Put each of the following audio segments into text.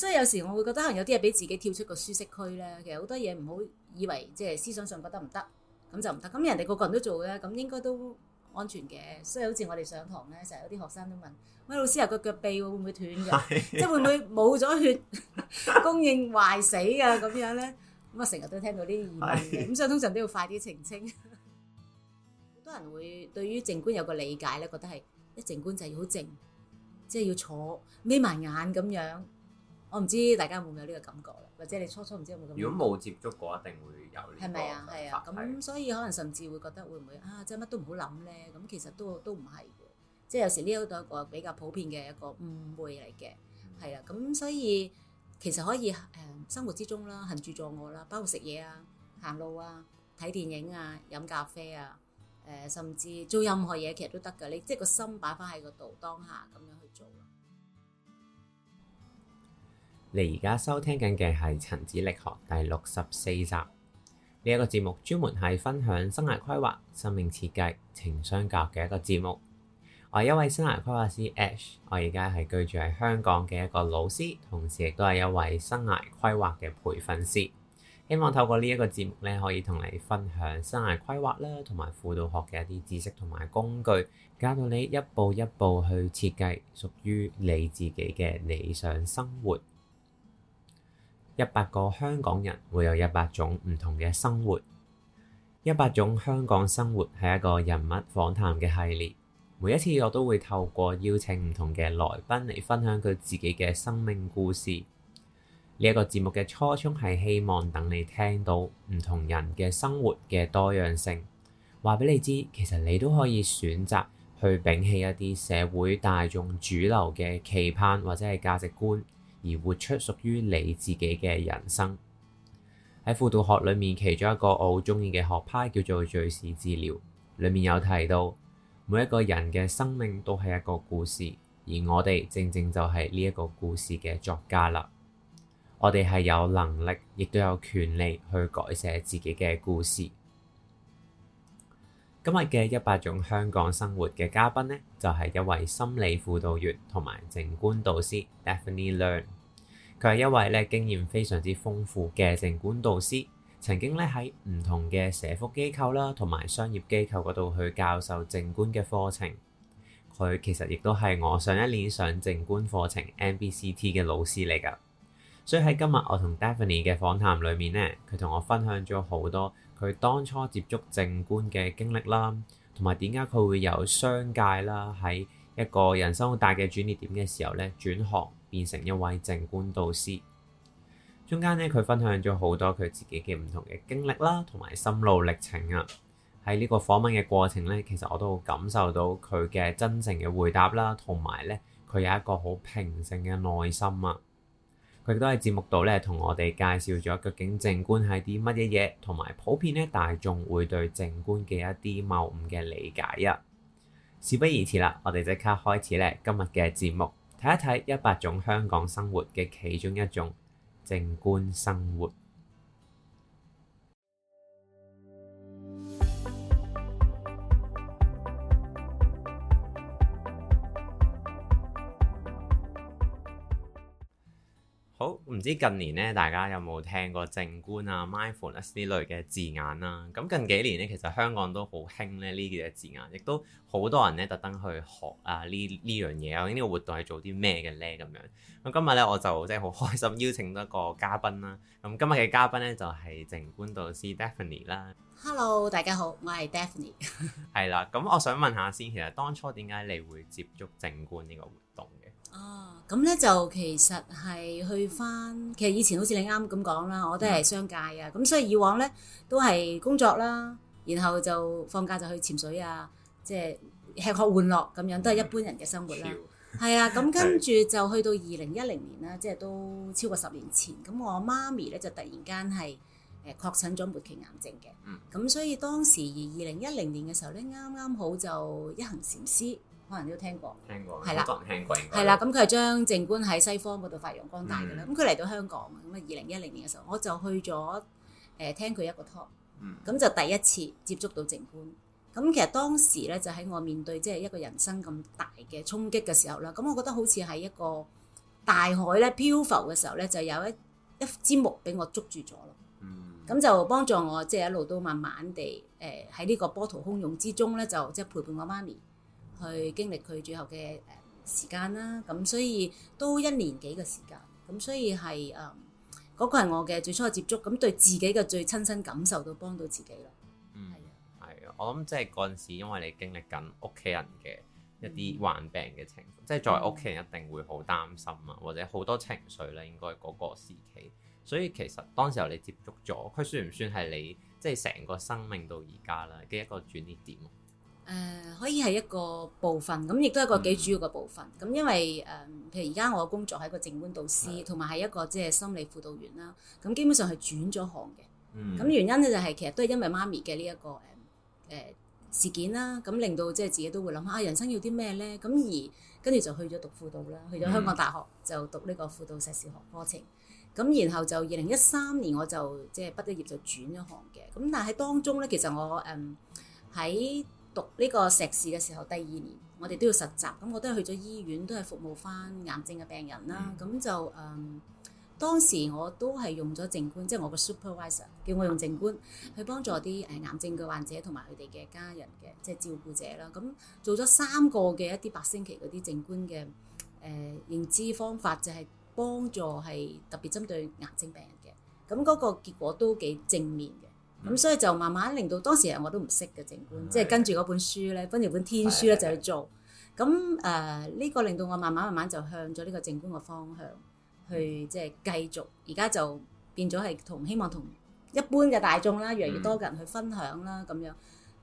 所以有時我會覺得可能有啲嘢俾自己跳出個舒適區咧。其實好多嘢唔好以為即係、就是、思想上覺得唔得咁就唔得。咁人哋個個人都做嘅，咁應該都安全嘅。所以好似我哋上堂咧，成日有啲學生都問：喂，老師啊，個腳臂會唔會斷㗎？ 即係會唔會冇咗血供應壞死啊？咁樣咧咁啊，成、嗯、日都聽到啲疑問嘅。咁 所以通常都要快啲澄清。好 多人會對於靜觀有個理解咧，覺得係一靜觀就係要好靜，即係要坐眯埋眼咁樣。我唔知大家會唔會有呢個感覺咧，或者你初初唔知有冇咁。如果冇接觸過，一定會有呢、呢個發現。係咪啊？係啊，咁所以可能甚至會覺得會唔會啊，即係乜都唔好諗咧？咁其實都都唔係，即係有時呢一個比較普遍嘅一個誤會嚟嘅，係、嗯、啊。咁所以其實可以誒、呃，生活之中啦，行住坐臥啦，包括食嘢啊、行路啊、睇電影啊、飲咖啡啊，誒、呃，甚至做任何嘢其實都得㗎。你即係個心擺翻喺個度當下咁樣去做。你而家收聽緊嘅係《塵籽力學》第六十四集呢一個節目，專門係分享生涯規劃、生命設計、情商教育嘅一個節目。我係一位生涯規劃師 Ash，我而家係居住喺香港嘅一個老師，同時亦都係一位生涯規劃嘅培訓師。希望透過呢一個節目咧，可以同你分享生涯規劃啦，同埋輔導學嘅一啲知識同埋工具，教到你一步一步去設計屬於你自己嘅理想生活。一百個香港人會有一百種唔同嘅生活，一百種香港生活係一個人物訪談嘅系列。每一次我都會透過邀請唔同嘅來賓嚟分享佢自己嘅生命故事。呢一個節目嘅初衷係希望等你聽到唔同人嘅生活嘅多樣性，話俾你知，其實你都可以選擇去摒棄一啲社會大眾主流嘅期盼或者係價值觀。而活出屬於你自己嘅人生。喺輔導學裏面，其中一個我好中意嘅學派叫做敘事治療。裏面有提到，每一個人嘅生命都係一個故事，而我哋正正就係呢一個故事嘅作家啦。我哋係有能力，亦都有權利去改寫自己嘅故事。今日嘅一百種香港生活嘅嘉賓呢，就係一位心理輔導員同埋靜觀導師 Daphne Leung。佢係一位咧經驗非常之豐富嘅靜觀導師，曾經咧喺唔同嘅社福機構啦，同埋商業機構嗰度去教授靜觀嘅課程。佢其實亦都係我上一年上靜觀課程 MBCT 嘅老師嚟㗎。所以喺今日我同 Daphne 嘅訪談裏面咧，佢同我分享咗好多佢當初接觸靜觀嘅經歷啦，同埋點解佢會由商界啦，喺一個人生好大嘅轉捩點嘅時候咧，轉行。變成一位靜觀導師，中間呢，佢分享咗好多佢自己嘅唔同嘅經歷啦，同埋心路歷程啊。喺呢個訪問嘅過程呢，其實我都感受到佢嘅真誠嘅回答啦，同埋呢，佢有一個好平靜嘅內心啊。佢亦都喺節目度呢，同我哋介紹咗究竟靜觀係啲乜嘢嘢，同埋普遍呢，大眾會對靜觀嘅一啲謬誤嘅理解啊。事不宜遲啦，我哋即刻開始呢今日嘅節目。睇一睇一百種香港生活嘅其中一種，靜觀生活。好，唔知近年咧，大家有冇聽過靜觀啊、Mindfulness 呢類嘅字眼啦，啊？咁近幾年咧，其實香港都好興咧呢幾個字眼，亦都好多人咧特登去學啊呢呢樣嘢。究竟呢個活動係做啲咩嘅呢？咁樣咁今日咧我就即係好開心邀請到一個嘉賓啦、啊。咁今日嘅嘉賓咧就係、是、靜觀導師 Daphne 啦。Hello，大家好，我係 Daphne 係 啦，咁我想問下先，其實當初點解你會接觸靜觀呢個活哦，咁咧就其實係去翻，其實以前好似你啱咁講啦，我都係商界啊，咁、嗯、所以以往咧都係工作啦，然後就放假就去潛水啊，即、就、係、是、吃喝玩樂咁樣，都係一般人嘅生活啦。係 啊，咁跟住就去到二零一零年啦，即係都超過十年前，咁我媽咪咧就突然間係誒確診咗末期癌症嘅。嗯，咁所以當時二零一零年嘅時候咧，啱啱好就一行禪師。可能都聽過，係啦，聽過，係啦的。咁佢係將靜觀喺西方嗰度發揚光大嘅啦。咁佢嚟到香港咁啊，二零一零年嘅時候，我就去咗誒、呃、聽佢一個 talk，咁、嗯、就第一次接觸到靜觀。咁其實當時咧，就喺我面對即係一個人生咁大嘅衝擊嘅時候啦。咁我覺得好似係一個大海咧漂浮嘅時候咧，就有一一支木俾我捉住咗咯。咁、嗯、就幫助我即係、就是、一路都慢慢地誒喺呢個波濤洶湧之中咧，就即係陪伴我媽咪。去經歷佢最後嘅誒時間啦，咁所以都一年幾嘅時間，咁所以係誒嗰個係我嘅最初嘅接觸，咁對自己嘅最親身感受都幫到自己咯。嗯，係啊，我諗即係嗰陣時，因為你經歷緊屋企人嘅一啲患病嘅情況，嗯、即係作為屋企人一定會好擔心啊，或者好多情緒咧，應該嗰個時期。所以其實當時候你接觸咗，佢算唔算係你即係成個生命到而家啦嘅一個轉捩點？誒、呃、可以係一個部分，咁亦都係一個幾主要嘅部分。咁、嗯、因為誒、呃，譬如而家我嘅工作係個靜觀導師，同埋係一個即係心理輔導員啦。咁基本上係轉咗行嘅。咁、嗯、原因咧就係、是、其實都係因為媽咪嘅呢一個誒誒、呃、事件啦，咁令到即係自己都會諗下、啊、人生要啲咩咧。咁而跟住就去咗讀輔導啦，去咗香港大學就讀呢個輔導碩士學課程。咁、嗯、然後就二零一三年我就即係、就是、畢咗業就轉咗行嘅。咁但係當中咧，其實我誒喺。讀呢個碩士嘅時候，第二年我哋都要實習，咁我都係去咗醫院，都係服務翻癌症嘅病人啦。咁、嗯、就誒、呃，當時我都係用咗靜觀，即、就、係、是、我個 supervisor 叫我用靜觀、嗯、去幫助啲誒癌症嘅患者同埋佢哋嘅家人嘅即係照顧者啦。咁做咗三個嘅一啲八星期嗰啲靜觀嘅誒認知方法，就係、是、幫助係特別針對癌症病人嘅。咁嗰個結果都幾正面嘅。咁、 嗯、所以就慢慢令到當時啊我都唔識嘅靜觀，嗯、即係跟住嗰本書咧，跟住本天書咧的就去做。咁誒呢個令到我慢慢慢慢就向咗呢個靜觀嘅方向去，即係繼續。而家就變咗係同希望同一般嘅大眾啦，越嚟越多嘅人去分享啦咁樣。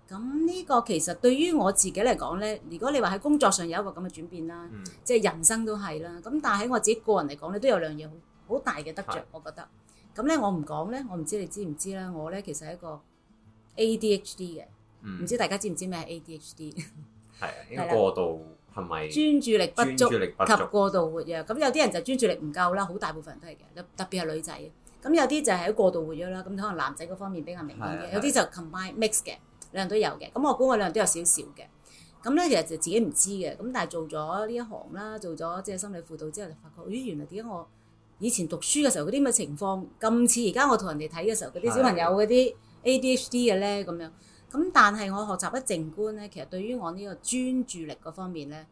咁呢、這個其實對於我自己嚟講呢，如果你話喺工作上有一個咁嘅轉變啦，嗯、即係人生都係啦。咁但係喺我自己個人嚟講呢，都有兩樣好大嘅得着，我覺得。咁咧，我唔講咧，我唔知你知唔知啦。我咧其實係一個 ADHD 嘅，唔、嗯、知大家知唔知咩 ADHD？係因為過度係咪 專注力不足及過度活躍？咁 有啲人就專注力唔夠啦，好大部分都係嘅，特別係女仔。咁有啲就係喺過度活躍啦。咁可能男仔嗰方面比較明顯嘅，的有啲就 combine mix 嘅的，兩樣都有嘅。咁我估我兩樣都有少少嘅。咁咧其實就自己唔知嘅。咁但係做咗呢一行啦，做咗即係心理輔導之後就發覺，咦、哎，原來點解我？以前讀書嘅時候嗰啲咁嘅情況咁似。而家我同人哋睇嘅時候，嗰啲小朋友嗰啲 A D H D 嘅咧咁樣，咁但係我學習得靜觀咧，其實對於我呢個專注力嗰方面咧，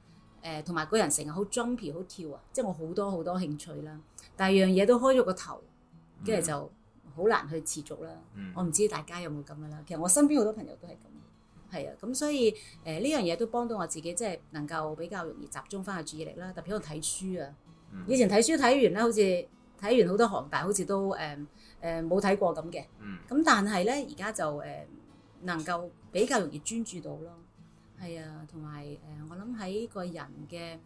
誒同埋個人成日好 jumpy 好跳啊，即係我好多好多興趣啦，但係樣嘢都開咗個頭，跟住、mm hmm. 就好難去持續啦。Mm hmm. 我唔知大家有冇咁樣啦。其實我身邊好多朋友都係咁，係啊，咁所以誒呢、呃、樣嘢都幫到我自己，即係能夠比較容易集中返個注意力啦，特別我睇書啊。以前睇書睇完咧，好似睇完好多行，劇，好似都誒誒冇睇過咁嘅。咁、嗯、但係咧，而家就誒能夠比較容易專注到咯。係啊，同埋誒我諗喺個人嘅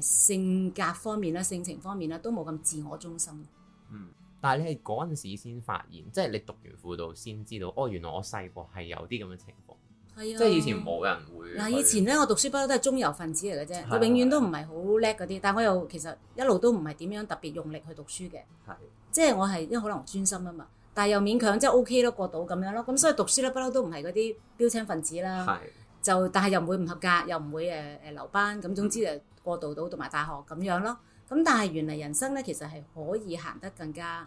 誒性格方面啦、性情方面啦，都冇咁自我中心。嗯，但係你係嗰陣時先發現，即係你讀完輔導先知道，哦，原來我細個係有啲咁嘅情況。即係、啊、以前冇人會嗱，以前咧我讀書不嬲都係中游分子嚟嘅啫，佢、啊、永遠都唔係好叻嗰啲，但我又其實一路都唔係點樣特別用力去讀書嘅，即係、啊、我係因為可能專心啊嘛，但係又勉強即係 O K 咯過到咁樣咯，咁所以讀書咧不嬲都唔係嗰啲標青分子啦，啊、就但係又唔會唔合格，又唔會誒誒、呃、留班，咁總之就過渡到讀埋大學咁樣咯，咁但係原來人生咧其實係可以行得更加誒、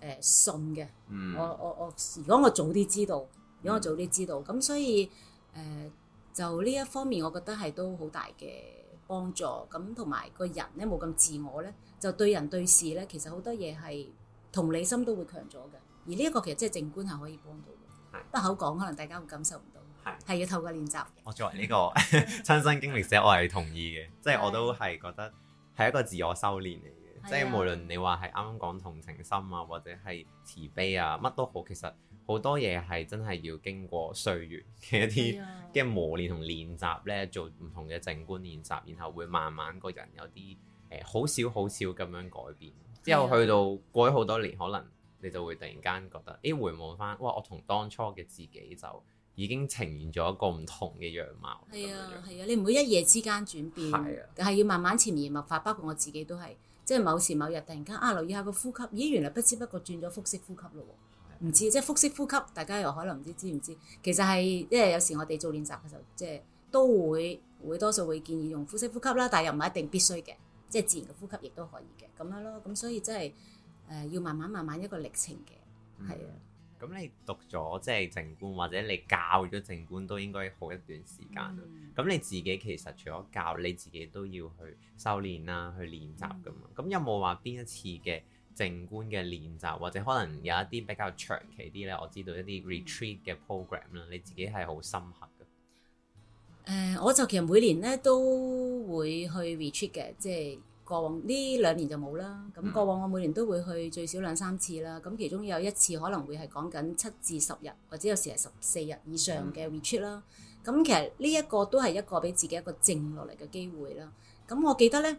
呃、順嘅、嗯，我我我如果我早啲知道。如果我早啲知道，咁所以誒、呃、就呢一方面，我覺得係都好大嘅幫助。咁同埋個人咧冇咁自我咧，就對人對事咧，其實好多嘢係同理心都會強咗嘅。而呢一個其實即係靜觀係可以幫到嘅。係是，不口講可能大家會感受唔到，係是要透過練習嘅。我作為呢、這個 親身經歷者，我係同意嘅，即係的我都係覺得係一個自我修練嚟嘅。即係的無論你話係啱啱講同情心啊，或者係慈悲啊，乜都好，其實。好多嘢係真係要經過歲月嘅一啲嘅磨練同練習咧，做唔同嘅靜觀練習，然後會慢慢個人有啲誒好少好少咁樣改變。之後去到過咗好多年，可能你就會突然間覺得，誒，回望翻，哇！我同當初嘅自己就已經呈現咗一個唔同嘅樣貌。係啊，係啊，啊，你唔會一夜之間轉變，係啊，係要慢慢潛移默化。包括我自己都係，即係某時某日突然間啊，留意下個呼吸，咦，原來不知不覺轉咗腹式呼吸咯喎。唔知，即係腹式呼吸，大家又可能唔知知唔知？其實係，因為有時我哋做練習嘅時候，即係都會會多數會建議用腹式呼吸啦，但又唔係一定必須嘅，即係自然嘅呼吸亦都可以嘅咁樣咯。咁所以真係誒，要慢慢慢慢一個歷程嘅，係、嗯、啊。咁你讀咗即係靜觀，或者你教咗靜觀，都應該好一段時間啊。咁、嗯、你自己其實除咗教，你自己都要去修練啦，去練習㗎嘛。咁、嗯、有冇話邊一次嘅？靜觀嘅練習，或者可能有一啲比較長期啲呢。我知道一啲 retreat 嘅 program 啦，你自己係好深刻噶、呃。我就其實每年呢都會去 retreat 嘅，即係過往呢兩年就冇啦。咁過往我每年都會去最少兩三次啦。咁其中有一次可能會係講緊七至十日，或者有時係十四日以上嘅 retreat 啦。咁、嗯、其實呢一個都係一個俾自己一個靜落嚟嘅機會啦。咁我記得呢。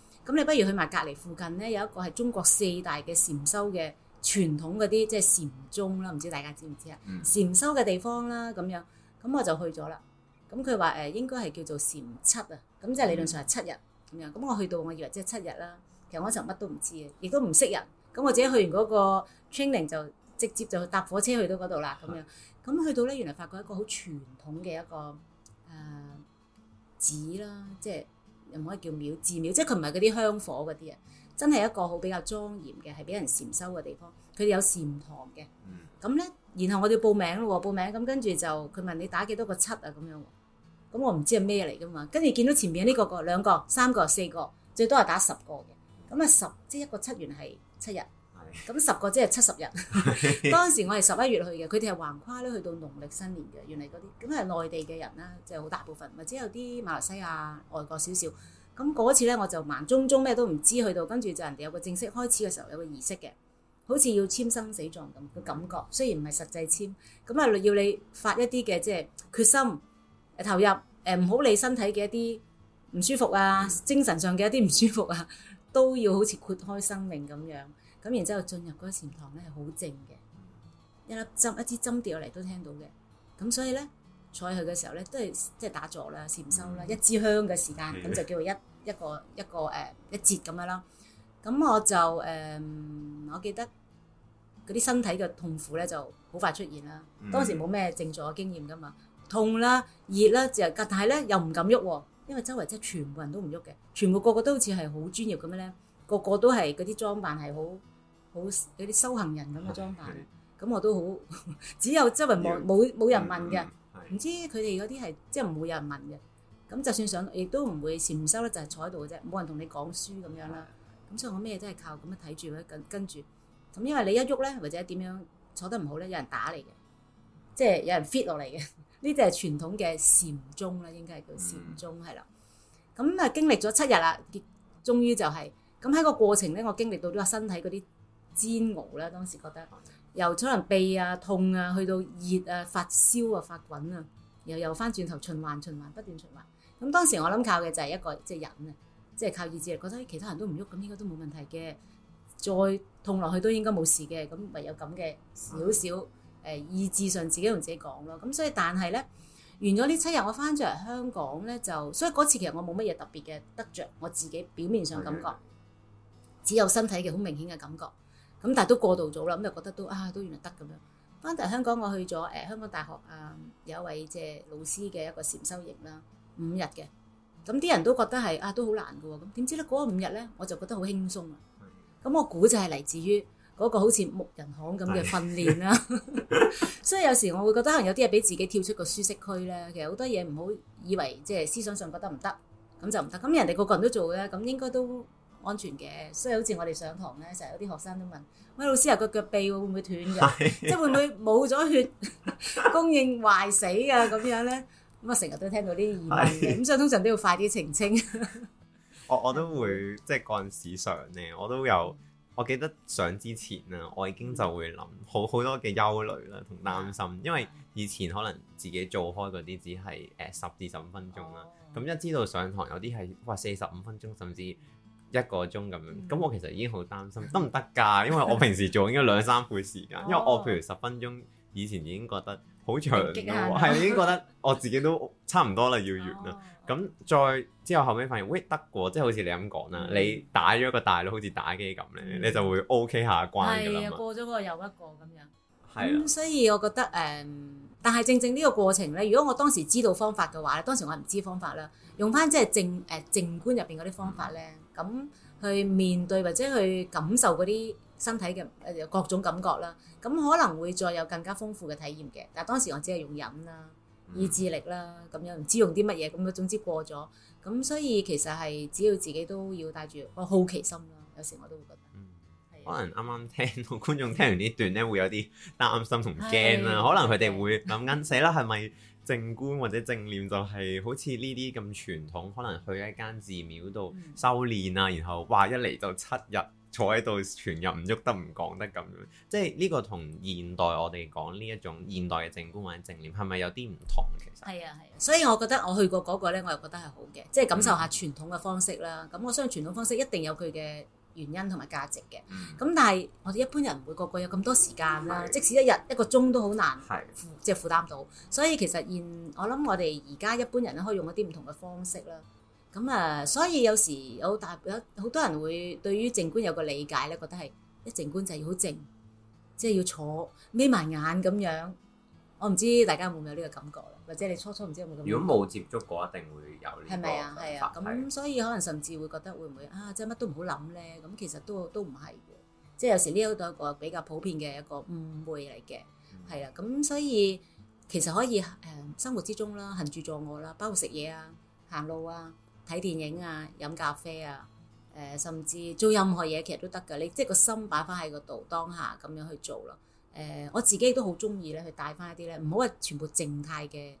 咁你不如去埋隔離附近咧，有一個係中國四大嘅禪修嘅傳統嗰啲，即係禪宗啦，唔知大家知唔知啊？禪、嗯、修嘅地方啦，咁樣，咁我就去咗啦。咁佢話誒，應該係叫做禪七啊，咁、嗯、即係理論上係七日咁樣。咁我去到，我以為即係七日啦，其實我就乜都唔知嘅，亦都唔識人。咁我自己去完嗰個 training 就直接就搭火車去到嗰度啦，咁樣。咁、嗯、去到咧，原來發覺一個好傳統嘅一個誒寺啦，即係。又唔可以叫廟，寺廟，即係佢唔係嗰啲香火嗰啲啊，真係一個好比較莊嚴嘅，係俾人禪修嘅地方。佢哋有禪堂嘅，咁呢，然後我哋報名咯喎，報名咁跟住就佢問你打幾多個七啊，咁樣，咁我唔知係咩嚟㗎嘛，跟住見到前面呢個個、兩個、三個、四個，最多係打十個嘅，咁啊十即係一個七元係七日。咁十個即係七十日， 當時我係十一月去嘅，佢哋係橫跨咧去到農曆曆新年嘅，原嚟嗰啲，咁係內地嘅人啦，即係好大部分，或者有啲馬來西亞外國少少。咁嗰次咧，我就盲中中咩都唔知去到，跟住就人哋有個正式開始嘅時候有個儀式嘅，好似要簽生死狀咁嘅感覺，雖然唔係實際簽，咁啊要你發一啲嘅即係決心，投入，誒唔好理你身體嘅一啲唔舒服啊，精神上嘅一啲唔舒服啊，都要好似豁開生命咁樣。咁然之後進入嗰個禪堂咧係好靜嘅，一粒針一支針跌落嚟都聽到嘅。咁所以咧坐喺佢嘅時候咧，都係即係打坐啦、禪修啦，嗯、一支香嘅時間咁、嗯、就叫做一、嗯、一,一個一個誒、呃、一節咁樣啦。咁我就誒、呃、我記得嗰啲身體嘅痛苦咧就好快出現啦。當時冇咩靜坐嘅經驗㗎嘛，痛啦、啊、熱啦、啊，就但係咧又唔敢喐、啊，因為周圍即係全部人都唔喐嘅，全部個個都好似係好專業咁樣咧，個個都係嗰啲裝扮係好。好嗰啲修行人咁嘅裝扮，咁、嗯、我都好。只有周圍冇冇冇人問嘅，唔、嗯嗯、知佢哋嗰啲係即係唔會有人問嘅。咁就算上亦都唔會禪修咧，就係、是、坐喺度嘅啫，冇人同你講書咁樣啦。咁所以我咩都係靠咁樣睇住或跟跟住。咁因為你一喐咧，或者點樣坐得唔好咧，有人打你嘅，即、就、係、是、有人 fit 落嚟嘅。呢啲係傳統嘅禪宗啦，應該係叫禪宗係啦。咁啊、嗯、經歷咗七日啦，結終於就係。咁喺個過程咧，我經歷到啲身體嗰啲。煎熬啦，當時覺得由可能鼻啊痛啊，去到熱啊發燒啊發滾啊，又又翻轉頭循環循環不斷循環。咁當時我諗靠嘅就係一個即係忍啊，即係靠意志力。覺得其他人都唔喐，咁應該都冇問題嘅。再痛落去都應該冇事嘅。咁唯有咁嘅少少誒的、呃、意志上自己同自己講咯。咁所以但係呢，完咗呢七日，我翻咗嚟香港呢，就，所以嗰次其實我冇乜嘢特別嘅得着。我自己表面上感覺的只有身體嘅好明顯嘅感覺。咁但係都過度咗啦，咁就覺得都啊都原來得咁樣。翻到香港我去咗誒、呃、香港大學啊，有一位即係、呃呃、老師嘅一個禪修營啦，五日嘅。咁、嗯、啲人都覺得係啊都好難嘅喎，咁、嗯、點知咧嗰五日咧我就覺得好輕鬆啊。咁、嗯、我估就係嚟自於嗰個好似木人巷咁嘅訓練啦。是的笑 所以有時我會覺得可能有啲嘢俾自己跳出個舒適區咧，其實好多嘢唔好以為即係思想上覺得唔得，咁就唔得。咁人哋個個人家都做嘅，咁應該都。人家人家都安全嘅，所以好似我哋上堂咧，成日有啲學生都問，喂，老師啊，個腳臂會唔會斷㗎？ 即係會唔會冇咗血 供應壞死㗎？咁樣咧，咁啊成日都聽到啲疑問嘅，咁 所以通常都要快啲澄清。 我我都會即係嗰時上咧，我都有，我記得上之前啊，我已經就會諗好好，好多嘅憂慮啦同擔心，因為以前可能自己做開嗰啲只係誒十至十五分鐘啦，咁、oh. 一知道上堂有啲係哇四十五分鐘，甚至～一個鐘咁樣，咁、嗯、我其實已經好擔心，得唔得㗎？因為我平時做應該兩三倍時間， 因為我譬如十分鐘以前已經覺得好長咯，係已經覺得我自己都差唔多啦要完啦。咁、哦、再之後後尾發現，喂得㗎，即係、就是、好似你咁講啦，嗯、你打咗個大佬好似打機咁咧，嗯、你就會 OK 下關㗎啦。係過咗個又一個咁樣。咁、嗯、所以，我覺得誒、嗯，但係正正呢個過程咧，如果我當時知道方法嘅話咧，當時我係唔知方法啦，用翻即係靜誒靜、呃、觀入邊嗰啲方法咧，咁、嗯、去面對或者去感受嗰啲身體嘅誒、呃、各種感覺啦，咁可能會再有更加豐富嘅體驗嘅。但係當時我只係用忍啦、意志力啦咁樣，唔、嗯、知用啲乜嘢，咁樣總之過咗。咁所以其實係只要自己都要帶住個好奇心啦，有時我都會覺得。嗯可能啱啱聽到，到觀眾聽完段呢段咧，會有啲擔心同驚啦。的可能佢哋會諗緊，死啦係咪靜觀或者正念，就係好似呢啲咁傳統，可能去一間寺廟度修練啊，嗯、然後哇一嚟到七日坐喺度全日唔喐得唔講得咁樣。即係呢個同現代我哋講呢一種現代嘅靜觀或者正念，係咪有啲唔同？其實係啊，係。所以我覺得我去過嗰、那個咧，我又覺得係好嘅，即、就、係、是、感受下傳統嘅方式啦。咁、嗯、我相信傳統方式一定有佢嘅。原因同埋價值嘅，咁、嗯、但係我哋一般人唔會個個有咁多時間啦，是的 即使一日一個鐘都好難負，即係負擔到。所以其實現我諗我哋而家一般人咧可以用一啲唔同嘅方式啦。咁啊，所以有時有大有好多人會對於靜觀有個理解咧，覺得係一靜觀就要好靜，即係要坐眯埋眼咁樣，我唔知大家有冇有呢個感覺？即係你初初唔知有冇咁？如果冇接觸過，一定會有呢個諗法。係咪啊，係啊，咁所以可能甚至會覺得會唔會啊？即係乜都唔好諗咧？咁其實都都唔係嘅，即係有時呢一個比較普遍嘅一個誤會嚟嘅，係啊。咁所以其實可以誒，生活之中啦，行住坐臥啦，包括食嘢啊、行路啊、睇電影啊、飲咖啡啊，誒，甚至做任何嘢其實都得㗎。你即係個心擺翻喺個度，當下咁樣去做咯。誒、呃、我自己都好中意咧，去帶翻一啲咧，唔好話全部靜態嘅，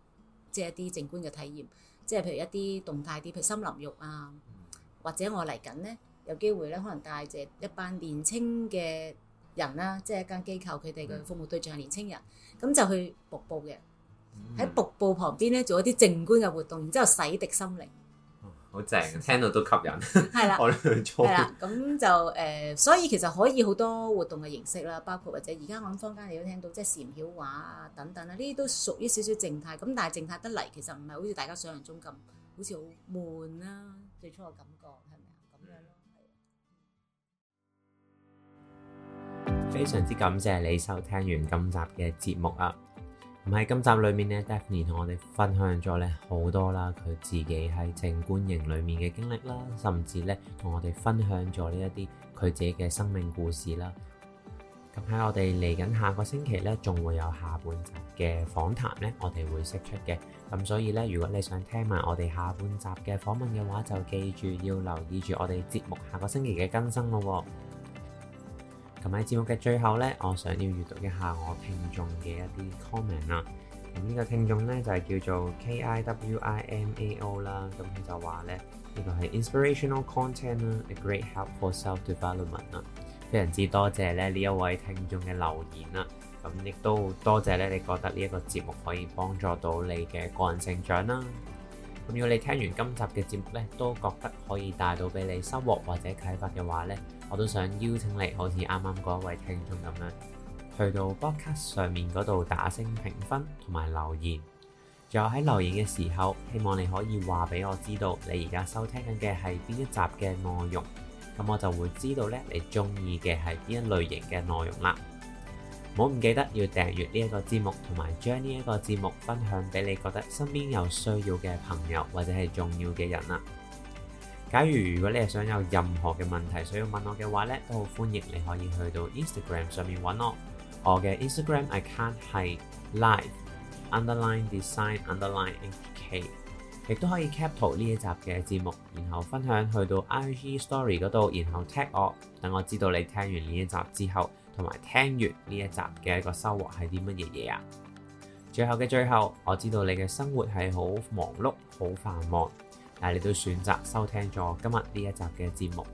即係一啲靜觀嘅體驗，即係譬如一啲動態啲，譬如森林浴啊，或者我嚟緊咧有機會咧，可能帶住一班年青嘅人啦，即係一間機構佢哋嘅服務對象係年青人，咁就去瀑布嘅，喺瀑布旁邊咧做一啲靜觀嘅活動，然之後洗滌心靈。好正，聽到都吸引。係啦，我哋去坐。係啦，咁就誒，所以其實可以好多活動嘅形式啦，包括或者而家我諗坊間你都聽到，即係禪繞畫啊等等啦，呢啲都屬於少少靜態。咁但係靜態得嚟，其實唔係好似大家想象中咁，好似好悶啦。最初嘅感覺係咪啊？咁樣囉，係啊。非常之感謝你收聽完今集嘅節目啊！唔喺今集裏面呢，Daphne 同我哋分享咗咧好多啦，佢自己喺靜觀營裏面嘅經歷啦，甚至咧同我哋分享咗呢一啲佢自己嘅生命故事啦。咁喺我哋嚟緊下個星期呢，仲會有下半集嘅訪談呢，我哋會釋出嘅。咁所以呢，如果你想聽埋我哋下半集嘅訪問嘅話，就記住要留意住我哋節目下個星期嘅更新咯。咁喺節目嘅最後咧，我想要閲讀一下我聽眾嘅一啲 comment 啦。咁呢個聽眾咧就係叫做 K I W I M A O 啦、嗯，咁佢就話咧呢個係 inspirational content 啦，a great help for self-development 啦。非常之多謝咧呢一位聽眾嘅留言啦，咁、嗯、亦都多謝咧你覺得呢一個節目可以幫助到你嘅個人成長啦。咁、嗯、如果你聽完今集嘅節目咧，都覺得可以帶到俾你收穫或者啟發嘅話咧，我都想邀請你，好似啱啱嗰一位聽眾咁樣，去到播卡上面嗰度打星評分同埋留言。仲有喺留言嘅時候，希望你可以話俾我知道，你而家收聽緊嘅係邊一集嘅內容，咁我就會知道呢你中意嘅係邊一類型嘅內容啦。唔好唔記得要訂閱呢一個節目，同埋將呢一個節目分享俾你覺得身邊有需要嘅朋友或者係重要嘅人啦。假如如果你係想有任何嘅問題，想要問我嘅話咧，都好歡迎你可以去到 Instagram 上面揾我。我嘅 Instagram account 係 life underline design underline hk。亦都可以 Cap 圖呢一集嘅節目，然後分享去到 IG Story 嗰度，然後 tag 我，等我知道你聽完呢一集之後，同埋聽完呢一集嘅一個收穫係啲乜嘢嘢啊！最後嘅最後，我知道你嘅生活係好忙碌、好繁忙。但你都選擇收聽咗今日呢一集嘅節目，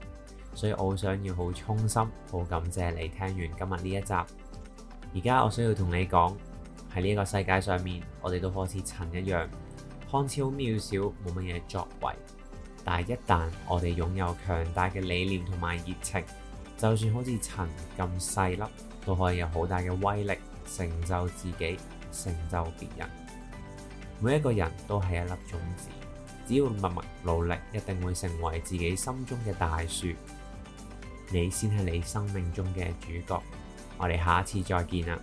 所以我想要好衷心好感謝你聽完今日呢一集。而家我想要同你講，喺呢一個世界上面，我哋都好似塵一樣，看似渺小，冇乜嘢作為。但係一旦我哋擁有強大嘅理念同埋熱情，就算好似塵咁細粒，都可以有好大嘅威力，成就自己，成就別人。每一個人都係一粒種子。只要默默努力，一定會成為自己心中嘅大樹。你先係你生命中嘅主角。我哋下次再見啦！